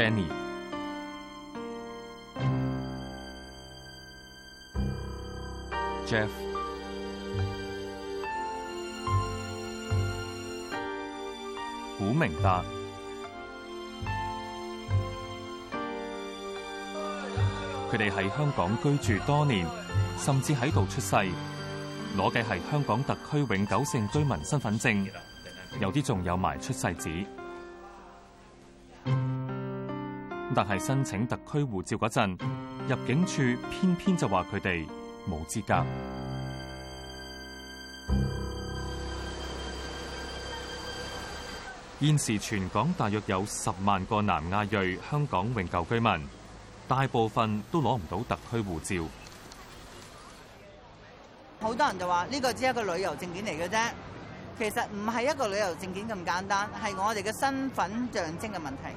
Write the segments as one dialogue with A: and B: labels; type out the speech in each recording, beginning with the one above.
A: Jenny、Benny, Jeff 古、古明達，佢哋喺香港居住多年，甚至喺度出世，攞嘅係香港特區永久性居民身份證，有啲仲有埋出世紙。但係申請特區護照嗰陣，入境處偏偏就話佢哋冇資格。現時全港大約有十萬個南亞裔香港永久居民，大部分都攞唔到特區護照。
B: 好多人就話呢個只係一個旅遊證件嚟嘅啫，其實唔係一個旅遊證件咁簡單，係我哋嘅身份象徵嘅問題。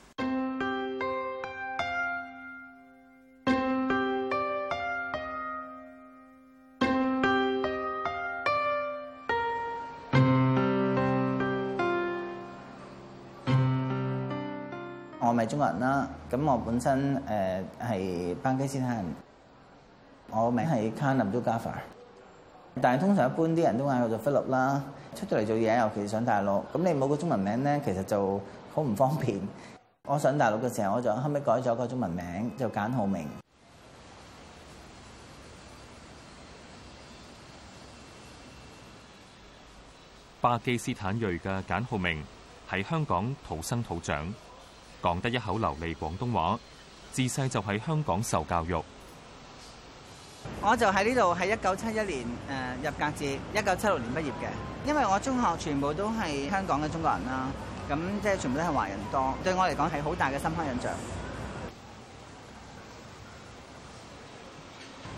B: 我唔係中國人啦，咁我本身誒係巴基斯坦人，我的名係 Khan Abdul Gaffar，但係通常一般啲人都嗌我做 Philip 啦。出咗嚟做嘢，尤其上大陸，咁你冇個中文名咧，其實就好唔方便。我上大陸嘅時候，我就後尾改咗個中文名，就簡浩名。
A: 巴基斯坦裔嘅簡浩名喺香港土生土長。講得一口流利廣東話，自細就喺香港受教育。
B: 我就喺呢度，喺一九七一年誒入格至，一九七六年畢業嘅。因為我中學全部都係香港嘅中國人啦，咁即係全部都係華人多，對我嚟講係好大嘅深刻印象。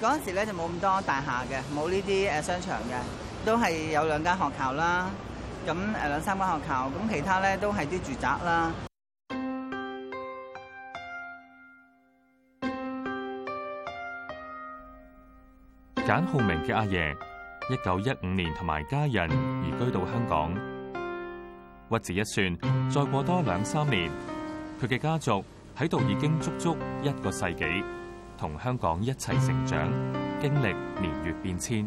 B: 嗰陣時咧就冇咁多大廈嘅，冇呢啲誒商場嘅，都係有兩間學校啦，咁誒兩三間學校，咁其他咧都係啲住宅啦。
A: 簡浩名嘅阿爺，一九一五年同埋家人移居到香港。屈指一算，再過多兩三年，佢嘅家族喺度已經足足一個世紀，同香港一齊成長，經歷年月變遷。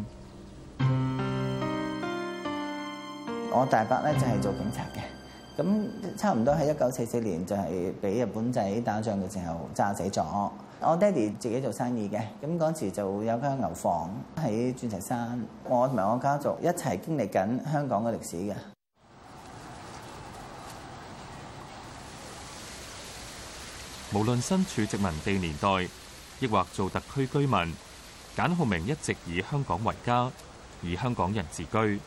B: 我大伯咧就係做警察嘅，咁差唔多喺一九四四年就係俾日本仔打仗嘅時候炸死咗。我爹哋自己做生意嘅，咁嗰時就有間牛房喺鑽石山。我同埋我家族一齊經歷緊香港嘅歷史嘅。
A: 無論身處殖民地年代，亦或做特區居民，簡浩名一直以香港為家，以香港人自居。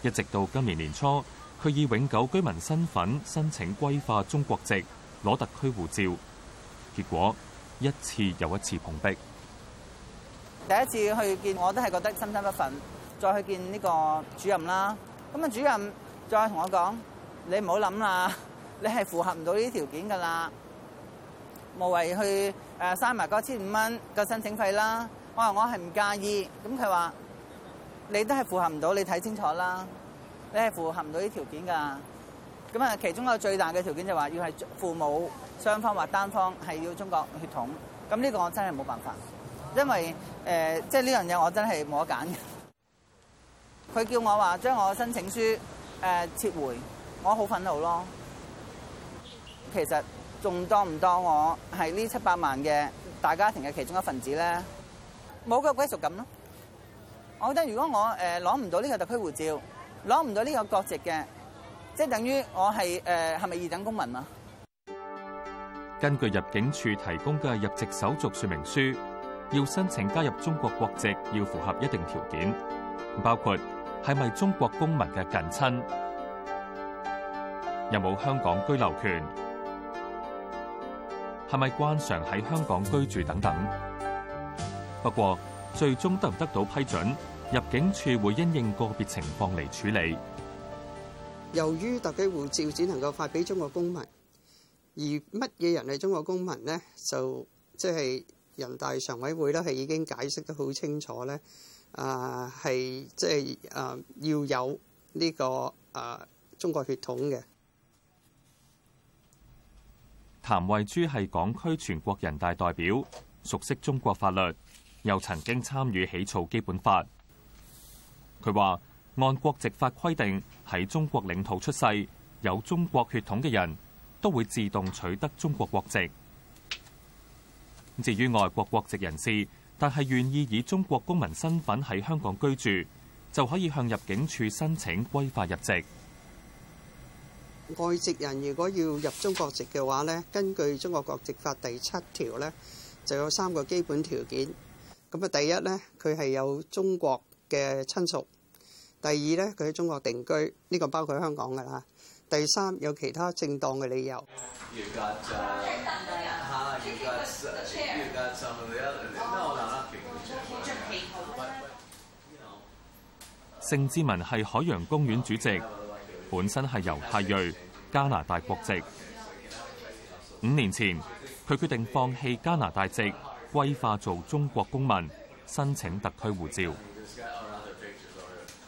A: 一直到今年年初，佢以永久居民身份申請歸化中國籍，攞特區護照，結果，一次又一次碰壁。
B: 第一次去見我都係覺得心生不忿，再去見呢個主任啦。咁啊主任再同我講，你唔好諗啦，你係符合唔到呢啲條件噶啦。無謂去誒，嘥埋嗰千五蚊個申請費啦。我話我係唔介意，咁佢話你都係符合唔到，你睇清楚啦，你係符合唔到呢條件噶。咁啊，其中一個最大嘅條件就話要係父母雙方或單方係要中國血統，咁呢個我真係冇辦法，因為誒即係呢樣嘢我真係冇得揀嘅。佢叫我話將我申請書誒、呃、撤回，我好憤怒咯。其實仲當唔當我係呢七百萬嘅大家庭嘅其中一份子咧？冇個歸屬感咯。我覺得如果我誒攞唔到呢個特區護照，攞唔到呢個國籍嘅。即等於我係誒，係咪二等公民
A: 啊？根據入境處提供嘅入籍手續說明書，要申請加入中國國籍，要符合一定條件，包括係咪中國公民嘅近親，有冇香港居留權，係咪慣常喺香港居住等等。不過最終得唔得到批准，入境處會因應個別情況嚟處理。
B: 由於特區護照只能夠發俾中國公民，而乜嘢人係中國公民呢？就即係，就是，人大常委會咧係已經解釋得好清楚咧，啊係即係啊要有呢、這個啊、呃、中國血統嘅。
A: 譚慧珠係港區全國人大代表，熟悉中國法律，又曾經參與起草基本法。佢話。按國籍法規定，喺中國領土出世、有中國血統嘅人，都會自動取得中國國籍。至於外國國籍人士，但係願意以中國公民身份喺香港居住，就可以向入境處申請歸化入籍。
B: 外籍人如果要入中國籍嘅話咧，根據《中國國籍法》第七條咧，就有三個基本條件。咁啊，第一咧，佢係有中國嘅親屬。第二呢，佢喺中國定居，呢、這個包括香港嘅啦。第三有其他正當嘅理由。
A: 盛智文係海洋公園主席，本身係猶太裔加拿大國籍。Yeah, okay, okay, okay. 五年前，佢決定放棄加拿大籍，歸化做中國公民，申請特區護照。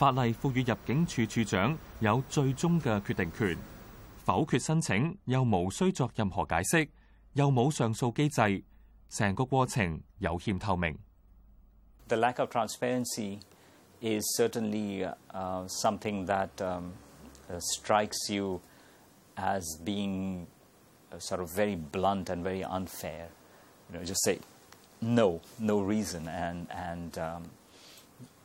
A: 法例賦予入境處處長有最終嘅決定權，否決申請又無需作任何解釋，又冇上訴機制，成個過程有欠透明。
C: The lack of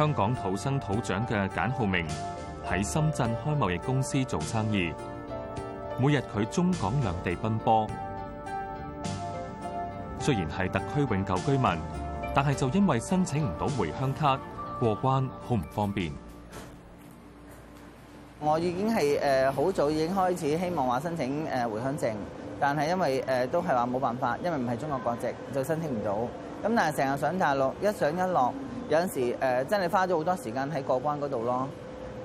A: 香港土生土長嘅簡浩名喺深圳開貿易公司做生意，每日佢中港兩地奔波。雖然係特區永久居民，但係就因為申請唔到回鄉卡，過關好唔方便。
B: 我已經係誒好早已經開始希望話申請誒回鄉證，但係因為誒都係話冇辦法，因為唔係中國國籍就申請唔到。咁但係成日上大陸，一上一落。有陣時誒真係花咗好多時間喺過關嗰度咯，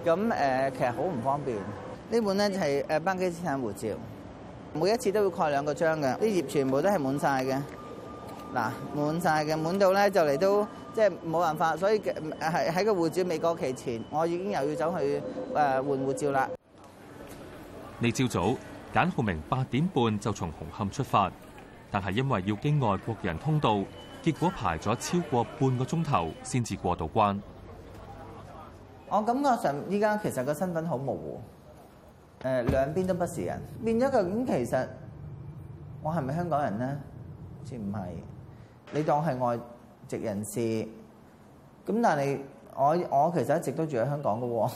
B: 咁誒其實好唔方便。呢本呢就係誒巴基斯坦護照，每一次都會蓋兩個章嘅，啲頁全部都係滿晒嘅。嗱，滿晒嘅，滿到咧就嚟都即係冇辦法，所以係喺個護照未過期前，我已經又要走去誒換護照啦。
A: 呢朝早簡浩名八點半就從紅磡出發，但係因為要經外國人通道。結果排咗超過半個鐘頭，先至過到關。我
B: 感覺上依家其實個身份好模糊，誒兩邊都不是人，變咗究竟其實我係咪香港人咧？似唔係。你當係外籍人士，咁但係我我其實一直都住喺香港㗎喎，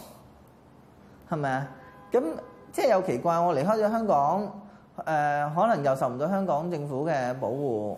B: 係咪啊？咁即係有奇怪，我離開咗香港，誒可能又受唔到香港政府嘅保護。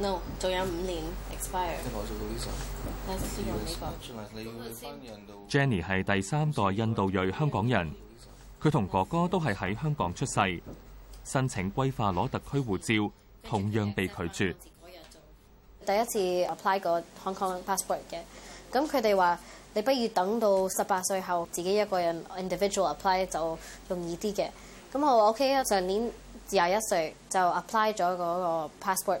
D: no，仲有五
A: 年 expire。Jenny 係第三代印度裔香港人，佢同哥哥都係喺香港出世，申請、歸化攞特區護照，同樣被拒絕。
D: 第一次 apply 個 Hong Kong passport 嘅，咁佢哋話你不如等到十八歲後自己一個人 individual apply 就容易啲嘅。咁我 OK 上年廿一歲就 apply 咗嗰個 passport。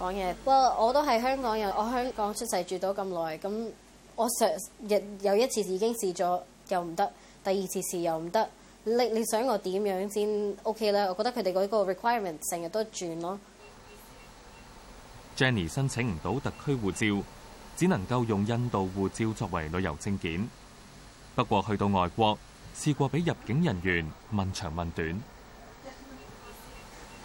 D: 講嘢，不過、well, 我都係香港人，我香港出世住到咁耐，咁我上日又一次試，已經試咗又唔得，第二次試又唔得，你你想我點樣先 OK 咧？我覺得佢哋嗰個 requirement 成日都轉咯。
A: Jenny 申請唔到特區護照，只能夠用印度護照作為旅遊證件。不過去到外國，試過俾入境人員問長問短。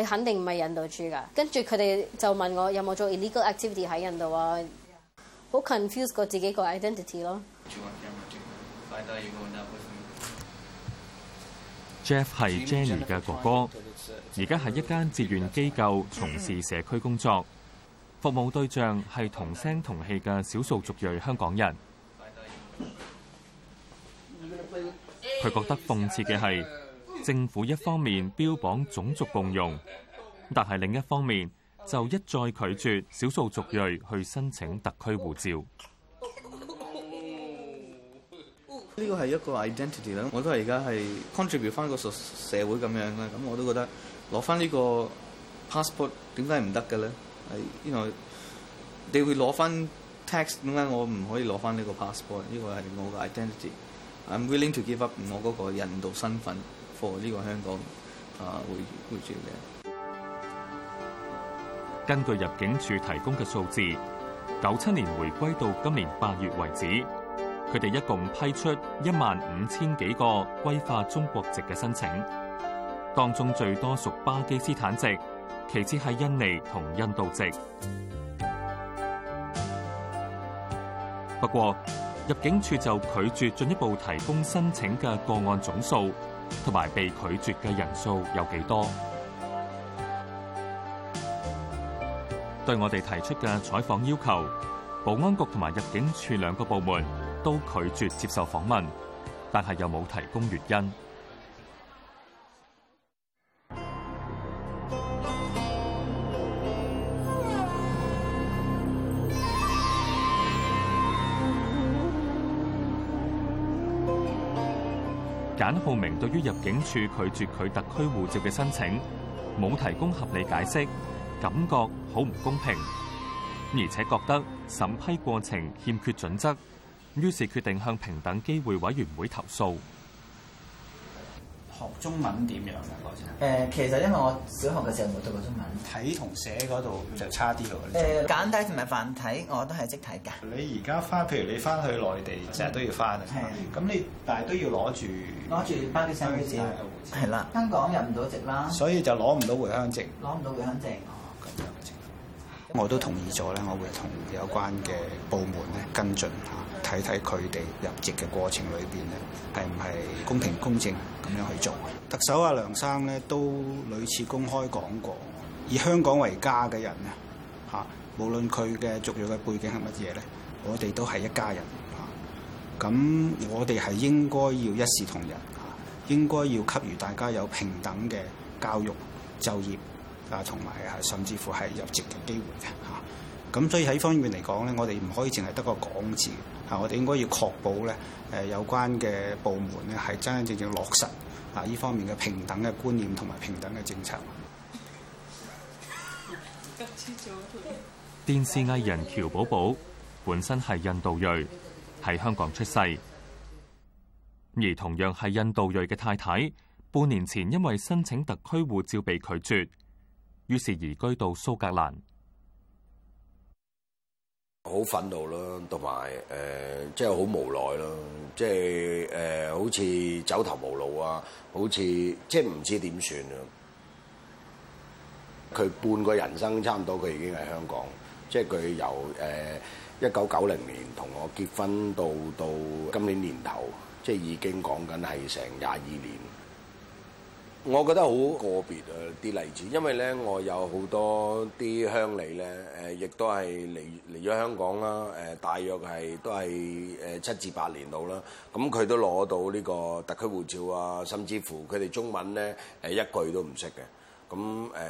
D: 你肯定唔係印度住噶，跟住佢哋就問我有冇做 illegal activity 喺印度啊？好 confuse Yeah .過自己個 identity 咯。
A: Jeff 係 Jenny 嘅哥哥，而家喺一間志願機構從事社區工作，mm hmm. 服務對象係同聲同氣嘅少數族裔香港人。佢、
E: mm hmm.
A: 覺得諷刺嘅係。政府一方面標榜種族共融，但係另一方面就一再拒絕少數族裔去申請特區護照。呢個係一個 identity 啦，我都係而家係 contribute 翻個社社會咁樣啦。咁我都覺得攞翻呢個 passport 點解唔得嘅咧？因 you
B: know, 為你會攞翻 tax 點解我唔可以攞翻呢個 passport？呢個係
A: 我嘅 identity。I'm willing to give up 我嗰個印度身份。呢個香港啊，會會的。根據入境處提供嘅數字，九七年回歸到今年八月為止，佢哋一共批出一萬五千幾個歸化中國籍嘅申請，當中最多屬巴基斯坦籍，其次係印尼同印度籍。不過入境處就拒絕進一步提供申請嘅個案總數。同埋被拒絕嘅人數有幾多？對我哋提出嘅採訪要求，保安局同埋入境處兩個部門都拒絕接受訪問，但係又冇提供原因。浩名對於入境處拒絕佢特區護照嘅申請，冇提供合理解釋，感覺好唔公平，而且覺得審批過程欠缺準則，於是決定向平等機會委員會投訴。
B: 學中文點樣啊？誒、呃，其實因為我小學嘅時候冇讀過中文，睇同寫嗰度
E: 就差啲咯。誒、呃，
B: 簡體同埋繁體我都係識睇㗎。
E: 你而家翻，譬如你翻去內地，成日、嗯、都
B: 要翻啊，咁你但係都要攞住攞住八點三毫紙係啦。的香港入唔到籍啦，所
E: 以就攞唔到回鄉證。
B: 攞唔到回鄉證，哦，咁樣嘅
E: 情況，我都同意咗咧，我會同有關嘅部門咧跟進下。睇睇佢哋入籍嘅過程裏邊，咧，係唔係公平公正咁樣去做？特首阿梁生咧都屢次公開講過，以香港為家嘅人啊，吓，無論佢嘅族裔嘅背景係乜嘢咧，我哋都係一家人嚇。咁我哋係應該要一視同仁啊，應該要給予大家有平等嘅教育就業啊，同埋甚至乎係入籍嘅機會嘅吓。咁所以喺呢方面嚟講，咧，我哋唔可以淨係得個講字嚇，我哋應該要確保咧誒有關嘅部門，咧係真真正正落實，啊呢方面嘅平等嘅觀念同埋平等嘅政策。
A: 電視藝人喬寶寶本身係印度裔，喺香港出世，而同樣係印度裔嘅太太，半年前因為申請特區護照被拒絕，於是移居到蘇格蘭。
E: 好憤怒咯，同埋誒，即係好無奈咯，即係誒，好似走投無路啊，好似即係唔知點算啊。佢半個人生差唔多，佢已經係香港，即係佢由誒一九九零年同我結婚到到今年年頭，即係已經講緊係成廿二年。我覺得好個別啊啲例子，因為咧我有好多啲鄉里咧，誒亦都係嚟嚟咗香港啦，誒大約係都係誒七至八年到啦，咁佢都攞到呢個特區護照啊，甚至乎佢哋中文咧誒一句都唔識嘅。咁誒，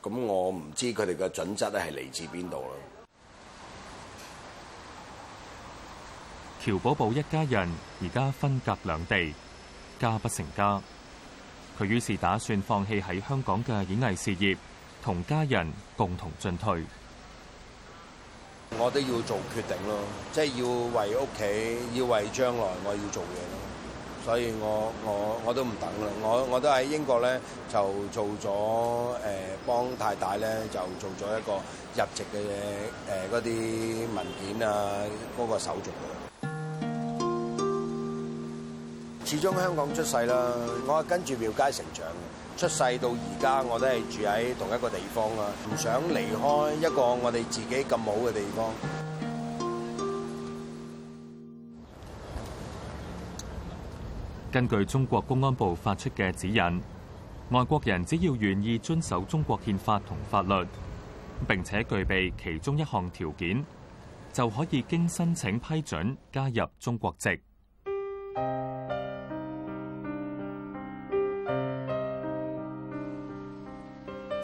E: 咁我唔知佢哋嘅準則咧係嚟自邊度啦。
A: 喬寶寶一家人而家分隔兩地。家不成家，佢於是打算放棄喺香港嘅演藝事業，同家人共同進退。
E: 我都要做決定咯，即係要為屋企，要為將來我要做嘢咯。所以我我我都唔等啦，我我都喺英國呢，就做咗誒幫太太呢，就做咗一個入籍嘅嘢誒嗰啲文件啊，嗰個手續。始終香港出世啦，我係跟住廟街成長嘅，出世到而家我都係住喺同一個地方啦，唔想離開一個我哋自己咁好嘅地方。
A: 根據中國公安部發出嘅指引，外國人只要願意遵守中國憲法同法律，並且具備其中一項條件，就可以經申請批准加入中國籍。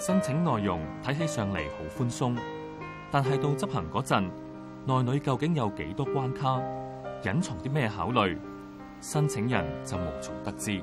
A: 申請內容睇起上嚟好寬鬆，但係到執行嗰陣，內裏究竟有幾多關卡，隱藏啲咩考慮，申請人就無從得知。